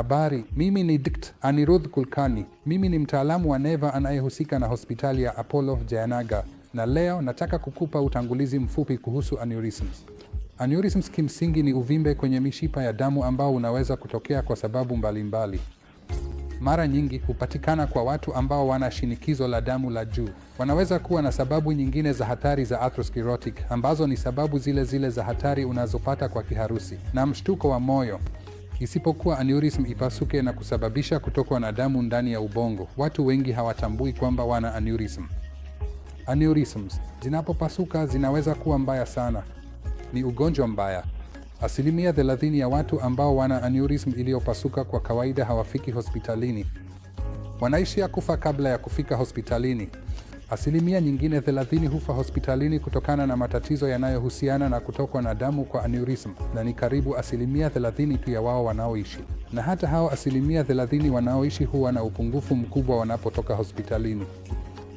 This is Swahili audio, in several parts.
Habari, mimi ni Dkt. Anirudh Kulkarni. Mimi ni mtaalamu wa neva anayehusika na hospitali ya Apollo Jayanagar, na leo nataka kukupa utangulizi mfupi kuhusu aneurysms. Aneurysms kimsingi ni uvimbe kwenye mishipa ya damu ambao unaweza kutokea kwa sababu mbalimbali mbali. Mara nyingi hupatikana kwa watu ambao wana shinikizo la damu la juu. Wanaweza kuwa na sababu nyingine za hatari za atherosclerotic ambazo ni sababu zile zile za hatari unazopata kwa kiharusi na mshtuko wa moyo isipokuwa aneurism ipasuke na kusababisha kutokwa na damu ndani ya ubongo. Watu wengi hawatambui kwamba wana aneurism. Aneurisms zinapopasuka zinaweza kuwa mbaya sana. Ni ugonjwa mbaya. Asilimia 30 ya watu ambao wana aneurism iliyopasuka kwa kawaida hawafiki hospitalini. Wanaishia kufa kabla ya kufika hospitalini. Asilimia nyingine 30 hufa hospitalini kutokana na matatizo yanayohusiana na kutokwa na damu kwa aneurism, na ni karibu asilimia 30 tu ya wao wanaoishi. Na hata hao asilimia 30 wanaoishi huwa na upungufu mkubwa wanapotoka hospitalini.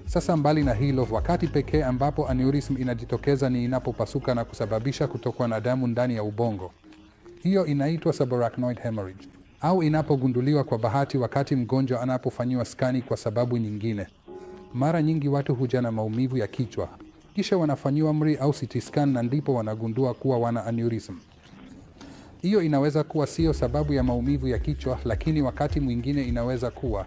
Sasa mbali na hilo, wakati pekee ambapo aneurism inajitokeza ni inapopasuka na kusababisha kutokwa na damu ndani ya ubongo. Hiyo inaitwa subarachnoid hemorrhage, au inapogunduliwa kwa bahati wakati mgonjwa anapofanyiwa skani kwa sababu nyingine. Mara nyingi watu huja na maumivu ya kichwa, kisha wanafanyiwa MRI au CT scan na ndipo wanagundua kuwa wana aneurysm. Hiyo inaweza kuwa sio sababu ya maumivu ya kichwa, lakini wakati mwingine inaweza kuwa.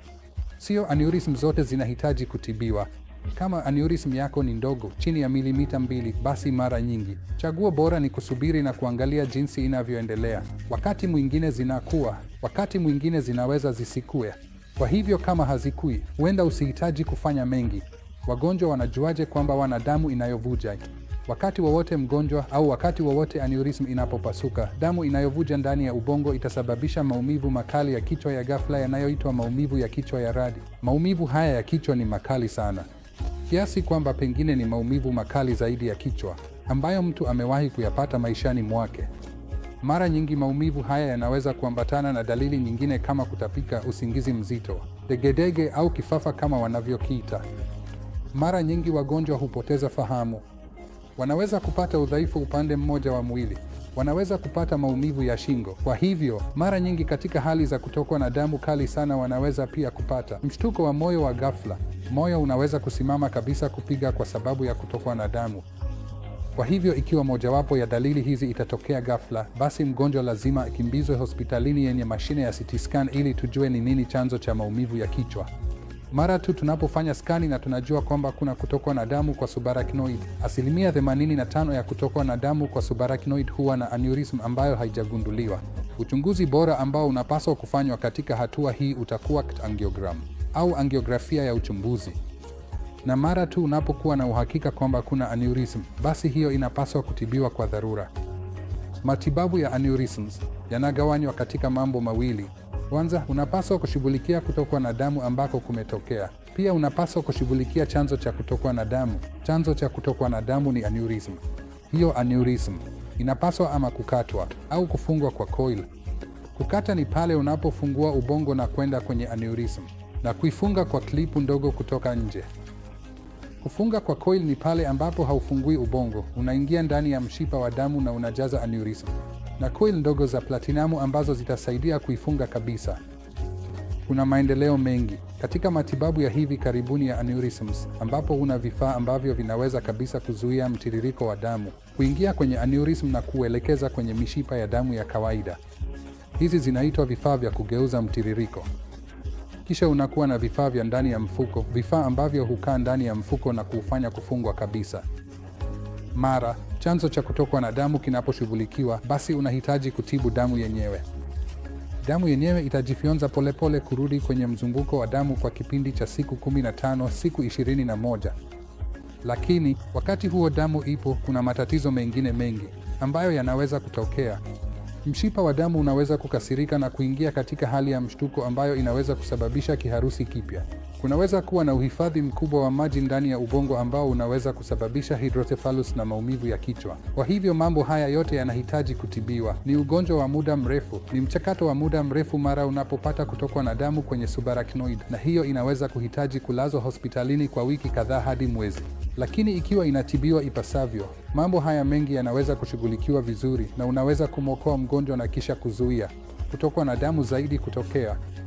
Sio aneurysm zote zinahitaji kutibiwa. Kama aneurysm yako ni ndogo, chini ya milimita mbili, basi mara nyingi chaguo bora ni kusubiri na kuangalia jinsi inavyoendelea. Wakati mwingine zinakuwa, wakati mwingine zinaweza zisikue. Kwa hivyo kama hazikui, huenda usihitaji kufanya mengi. Wagonjwa wanajuaje kwamba wana damu inayovuja? Wakati wowote mgonjwa au wakati wowote aneurism inapopasuka, damu inayovuja ndani ya ubongo itasababisha maumivu makali ya kichwa ya ghafla yanayoitwa maumivu ya kichwa ya radi. Maumivu haya ya kichwa ni makali sana, kiasi kwamba pengine ni maumivu makali zaidi ya kichwa ambayo mtu amewahi kuyapata maishani mwake. Mara nyingi maumivu haya yanaweza kuambatana na dalili nyingine kama kutapika, usingizi mzito, degedege au kifafa kama wanavyokiita. Mara nyingi wagonjwa hupoteza fahamu. Wanaweza kupata udhaifu upande mmoja wa mwili. Wanaweza kupata maumivu ya shingo. Kwa hivyo, mara nyingi katika hali za kutokwa na damu kali sana, wanaweza pia kupata mshtuko wa moyo wa ghafla. Moyo unaweza kusimama kabisa kupiga kwa sababu ya kutokwa na damu. Kwa hivyo, ikiwa mojawapo ya dalili hizi itatokea ghafla, basi mgonjwa lazima akimbizwe hospitalini yenye mashine ya CT scan ili tujue ni nini chanzo cha maumivu ya kichwa. Mara tu tunapofanya skani na tunajua kwamba kuna kutokwa na damu kwa subarachnoid, asilimia 85 ya kutokwa na damu kwa subarachnoid huwa na aneurism ambayo haijagunduliwa. Uchunguzi bora ambao unapaswa kufanywa katika hatua hii utakuwa angiogram au angiografia ya uchunguzi na mara tu unapokuwa na uhakika kwamba kuna aneurism, basi hiyo inapaswa kutibiwa kwa dharura. Matibabu ya aneurysms yanagawanywa katika mambo mawili. Kwanza, unapaswa kushughulikia kutokwa na damu ambako kumetokea. Pia unapaswa kushughulikia chanzo cha kutokwa na damu. Chanzo cha kutokwa na damu ni aneurism. Hiyo aneurism inapaswa ama kukatwa au kufungwa kwa coil. Kukata ni pale unapofungua ubongo na kwenda kwenye aneurism na kuifunga kwa klipu ndogo kutoka nje. Kufunga kwa coil ni pale ambapo haufungui ubongo, unaingia ndani ya mshipa wa damu na unajaza aneurysm na coil ndogo za platinamu ambazo zitasaidia kuifunga kabisa. Kuna maendeleo mengi katika matibabu ya hivi karibuni ya aneurysms, ambapo una vifaa ambavyo vinaweza kabisa kuzuia mtiririko wa damu kuingia kwenye aneurysm na kuelekeza kwenye mishipa ya damu ya kawaida. Hizi zinaitwa vifaa vya kugeuza mtiririko. Kisha unakuwa na vifaa vya ndani ya mfuko, vifaa ambavyo hukaa ndani ya mfuko na kuufanya kufungwa kabisa. Mara chanzo cha kutokwa na damu kinaposhughulikiwa, basi unahitaji kutibu damu yenyewe. Damu yenyewe itajifyonza polepole kurudi kwenye mzunguko wa damu kwa kipindi cha siku 15, siku 21. Lakini wakati huo damu ipo, kuna matatizo mengine mengi ambayo yanaweza kutokea. Mshipa wa damu unaweza kukasirika na kuingia katika hali ya mshtuko ambayo inaweza kusababisha kiharusi kipya. Kunaweza kuwa na uhifadhi mkubwa wa maji ndani ya ubongo ambao unaweza kusababisha hydrocephalus na maumivu ya kichwa. Kwa hivyo mambo haya yote yanahitaji kutibiwa. Ni ugonjwa wa muda mrefu, ni mchakato wa muda mrefu mara unapopata kutokwa na damu kwenye subarachnoid, na hiyo inaweza kuhitaji kulazwa hospitalini kwa wiki kadhaa hadi mwezi. Lakini ikiwa inatibiwa ipasavyo, mambo haya mengi yanaweza kushughulikiwa vizuri na unaweza kumwokoa mgonjwa na kisha kuzuia kutokwa na damu zaidi kutokea.